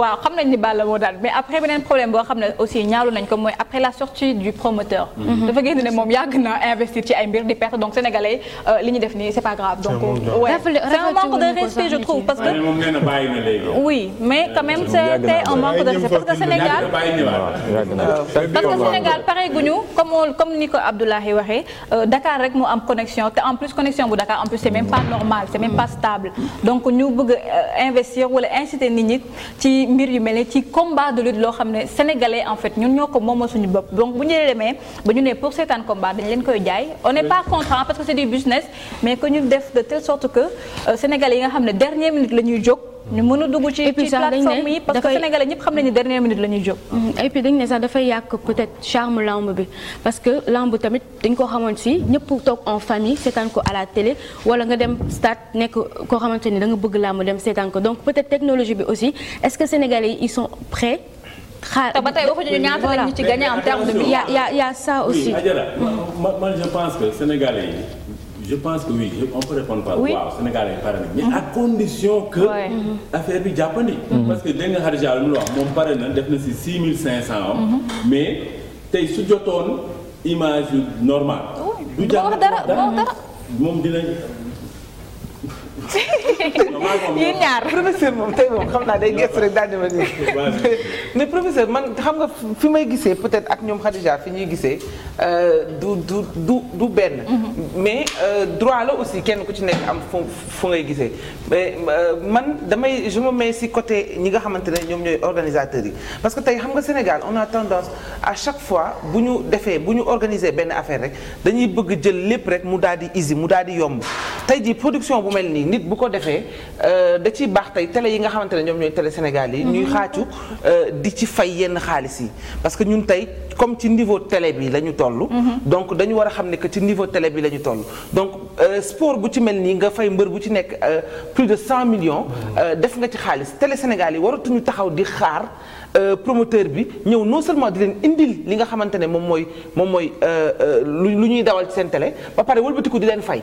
waaw xam nañ ni Balla moo daan mais après beneen problème boo xam ne aussi ñaawlu nañ ko mooy après la sortie du promoteur. Mm-hmm. Mm-hmm. dafa génn ne moom yàgg na investir ci ay mbir di perte donc sénégalais euh, li ñu def nii c'est pas grave. donc euh, ouais c'est un manque de respect je trouve parce que. oui mais quand même c'était de Sénégal. pare guñu comme comme ni ko Abdoulaye waxee euh, Dakar rek mu am connexion te en plus connexion bu Dakar plus c'est même pas normal c'est même pas stable ci mbir yu mel ne ci combat de lutte loo xam ne sénégalais en fait ñun ñoo ko moom suñu bopp donc bu ñu demee ba ñu ne pour seetaan combat dañ leen koy jaay on n'est pas contre parce que c'est du business mais que ñu def de telle sorte que euh, sénégalais yi nga xam ne dernière minute la ñuy jóg ñu mën dugg ci ci plateforme yi parce que sénégalais ñëpp xam nañu dernière minute la ñuy jóg. Mm, et puis dañ ne sax dafay yàq peut-être charme lamb bi parce que lamb tamit dañ koo xamoon si ñëpp toog en famille seetaan ko à la télé wala nga dem stade nekk koo xamante ni da nga bëgg lamb dem seetaan ko donc peut-être technologie bi aussi est-ce que sénégalais yi ils sont prêts. xaar te ba tey waxuñu ñaata lañu ci gagné en terme de. y a y a y a je pense que oui on peut répondre par waaw Sénégal yi pare na mais mm-hmm. à condition que mm-hmm. affaire bi jàppandi mm-hmm. parce que dégg nga Khadija lu mu la wax moom pare na def na si 6500 am mais tey su jotoon image yu normal du jàpp dara moom dinañ yéen ñaar professeur moom tey moom xam naa day gëstu rek daal di ma nii mais professeur man xam nga fi may gisee peut-être ak ñoom Khadija fi ñuy gisee euh, du du du benn. Mm-hmm. mais euh, droit la aussi kenn ku ci nekk am fu fu ngay gisee mais euh, man damay je me mets si côté ñi nga xamante ne ñoom ñooy organisateurs yi parce que tey xam nga Sénégal on a tendance à chaque fois bu ñu defee bu ñu organiser benn affaire rek dañuy bëgg jël lépp rek mu daal di easy mu daal di yomb jii production bu mel nii. bu ko defee euh, da ciy baax tey télé yi nga xamante ne ñoom ñooy tele Sénégal yi. ñuy xaacu euh, di ci fay yenn xaalis yi parce que ñun tey comme ci niveau tele bi la ñu toll. Mhm. donc dañu war a xam ne que ci niveau tele bi la ñu toll donc euh, sport bu ci mel nii nga fay mbër bu ci nekk plus de cent million mhm. def nga ci xaalis tele Sénégal yi waratuñu taxaw di xaar. promoteur bi ñëw non seulement di leen indil li nga xamante ne moom mooy moom mooy lu ñuy dawal ci seen télé ba pare wëlbatiku di leen fay.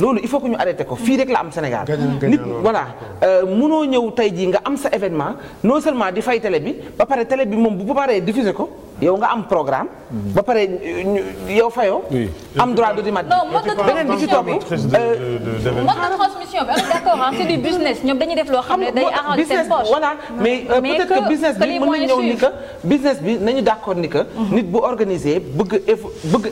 loolu il faut que ñu arrêté ko fii rek la am Sénégal nit voilà euh, munoo ñëw tey jii nga am sa événement non seulement di fay télé bi ba pare télé bi moom bu paree diffusé ko yow nga am programme. Mhm. ba pare yow fayoo. am droit de dimat. non mode de bi euh, mode de transmission bi d'accord c'est du business ñoom dañuy loo xam ne day arranger seen poche. voilà mais euh, peut-être que business bi mën nañu ñëw ni que business bi nañu d'accord ni mhm. nit bu organisé bëgg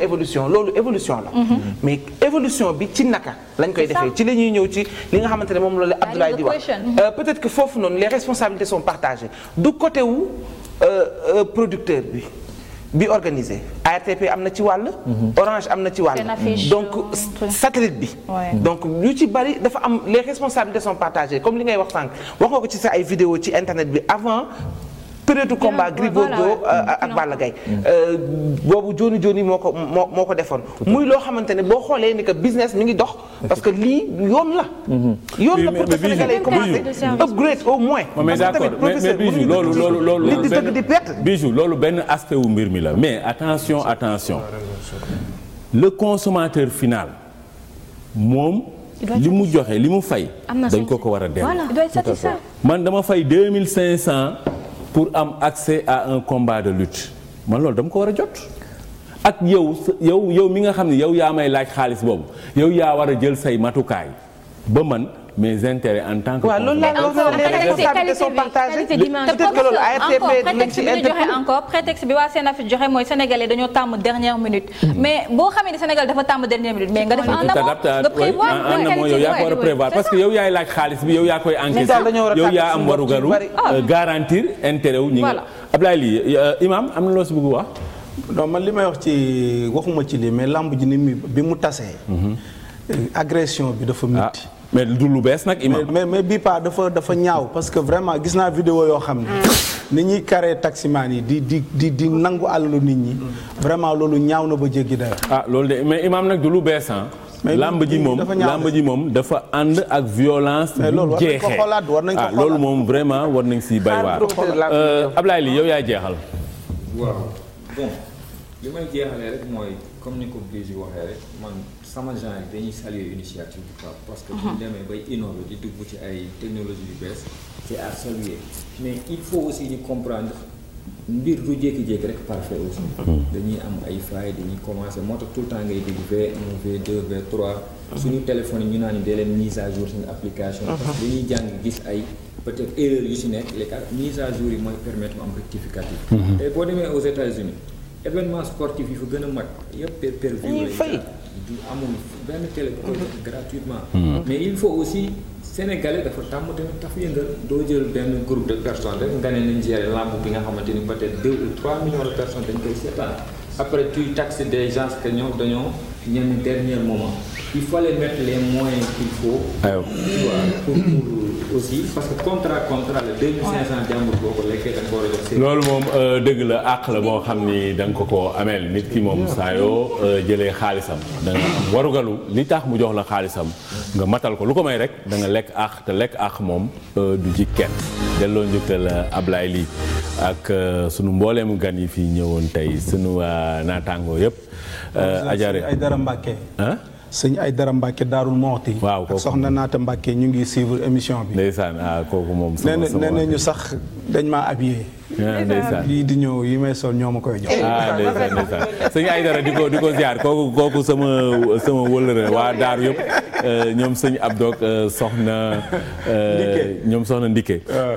évolution loolu évolution la. Mhm. mais évolution bi ci naka lañ koy defee ci la ñuy ñëw ci li nga xamante ne moom loolu Abdoulaye di wax. Euh, peut-être que foofu noonu les responsabilités sont partagées du côté wu producteur bi. bi organisé ARTP am na ci wàll. Mhm. Orange am na ci wàll. donc satellite bi. donc lu ci bari dafa am les responsabilités son partagées comme li ngay wax sànq wax nga ko ci sa ay vidéo ci internet bi avant. période combat Gris Bordeaux euh, ak Balla Gaye euh, boobu joni joni moo ko moo moo ko defoon muy loo xamante ne boo xoolee ni que business mu ngi dox parce que lii yoon la mhm. yoon la pour que sénégalais yi commencé upgrade au moins mais d'accord mais bijou loolu loolu loolu nit di benn aspect wu mbir mi la mais attention attention ah, le consommateur final moom li mu joxe li mu fay dañ ko ko war a dem man dama fay pour am accès à un combat de lutte man loolu dama ko war a jot. ak yow yow yow mi nga xam ne yow yaa may laaj xaalis boobu yow yaa war a jël say matukaay ba man. mes intérêts en tant que. waaw loolu laa wax noonu les responsabilités sont partagées peut-être que loolu ARTP dinañ ci joxe encore prétexte bi waa CNAF joxe mooy sénégalais dañoo tàmm dernière minute. mais boo xamee ne Sénégal dafa tàmm dernière minute mais nga def en amont nga prévoir en amont yow yaa ko war a prévoir parce que yow yaay laaj xaalis bi yow yaa koy encaissé yow yaa am warugaru euh, garantir intérêt wu ñi nga. Ablaye lii euh, Imaam am na loo si bëgg wax. non man li may wax ci waxuma ci lii mais lamb ji ni mu bi mu tasee. Mhm. agression bi dafa ah. métti. mais du lu bees nag imam mais mais bii pas dafa dafa ñaaw parce que vraiment gis naa vidéo yoo xam ne ni ñuy carré taximaan yi di di di di nangu àllalu nit ñi vraiment loolu ñaaw na ba jéggi dara ah loolu de mais imam nag du lu bees ah làmb ji moom làmb ji moom dafa ànd ak violence bu jeexee ah loolu moom vraiment war nañ si bay waar euh, Ablaye lii yow yaay jeexal waaw bon li may jeexalee rek mooy comme ni ko Bijou waxee rek sama genre yi dañuy saluer initiative bu PAP parce que bu mhm. demee bay innover di dugg ci ay technologie yu bees c'est à saluer mais il faut aussi ñu comprendre mbir du jékki-jékki rek parfait aussi mhm. dañuy am ay failles dañuy commencer moo tax tout le temps ngay dégg V1 V2 V3 suñu mhm. téléphone ñu naa naan de leen mise à jour suñu application parce que dañuy jàng gis ay peut-être yu si nekk les cas mise jour yi mooy permettre mu am rectificatif tey demee aux États-Unis événement sportif yi fa gën a mag yëpp pay amul benn télé bu koy def mhm. gratuitement. Mhm. mais il faut aussi sénégalais dafa tàmm tamit taf yëngal doo jël benn groupe de personnes rek nga ne nañ jëlee bi nga xamante ni peut-être deux ou trois millions de personnes dañ koy seetaan après tuy taxe des gens que ñoom dañoo ñenn dernier moment. il ah loolu moom euh, dëgg la àq la boo xam ni danga nga ko ameel nit ki moom saa yoo euh, jëlee xaalisam da nga warugalu li tax mu jox la xaalisam nga matal ko lu ko may rek danga lekk àq te lekk àq moom euh, du ci kenn delloo njukkal Ablaye lii ak sunu mbooleemu gan yi fii ñëwoon tey sunu naataangoo yépp ajaare ay dara mbàkkee sëñ Aydara Mbacke Daarul Moxti. waaw kooku soxna Naata Mbacke ñu ngi suivre émission bi. ndeysaan ah kooku moom. sama nee na ñu sax dañ maa habillé. lii di ñëw yi may sol ñoo ma koy jox. ah ndeysaan ndeysaan sëñ Aydara di ko di ko ziar kooku kooku sama sama wëllëre waa daaru yëpp eh, ñoom sëñ Abdog eh, soxna. Eh, ñoom soxna Ndike. Ah.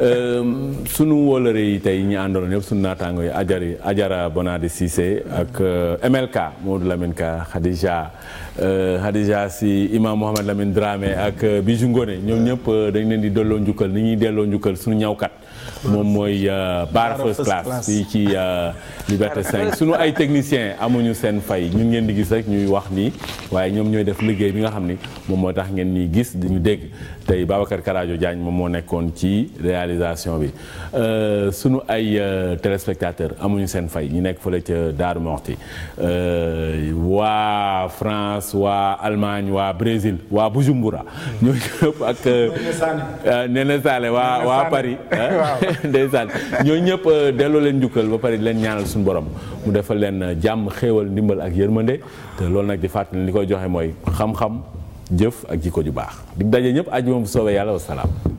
sunu wëllëre yi tey ñi àndaloon yëpp sunu naataango yi Ajari Ajara Bonade Cissé ak MLK Modou Lamine Ka Khadija Khadija si imam Mohamed Lamine Dramé ak Bijou Ngone ñoom ñëpp dañ leen di delloo njukkal ni ñuy delloo njukkal sunu ñawkat. moom mooy euh, Baara First Class fii ci euh, Liberté 5 sunu ay technicien amuñu seen fay ñun ngeen di gis rek ñuy wax nii waaye ñoom ñooy def liggéey bi nga xam ni moom moo tax ngeen ñuy gis di ñu dégg tey Babacar Karajo jaañ moom moo nekkoon ci réalisation bi euh, sunu ay téléspectateur amuñu seen fay ñu nekk fële ci daar Moxti waa France waa Allemagne waa Brésil waa Bujumbura hmm. ñoo ñëpp ak Nene waa waa Paris ndeysaan ñoo ñëpp euh, delloo leen njukkal ba pare leen ñaanal suñu borom mu defal leen euh, jàmm xéewal ndimbal ak yërmande te loolu nag di fàttali li koy joxe mooy xam-xam jëf ak jikko ju baax dig daje ñëpp ajuma bu soobee yàlla wasalaam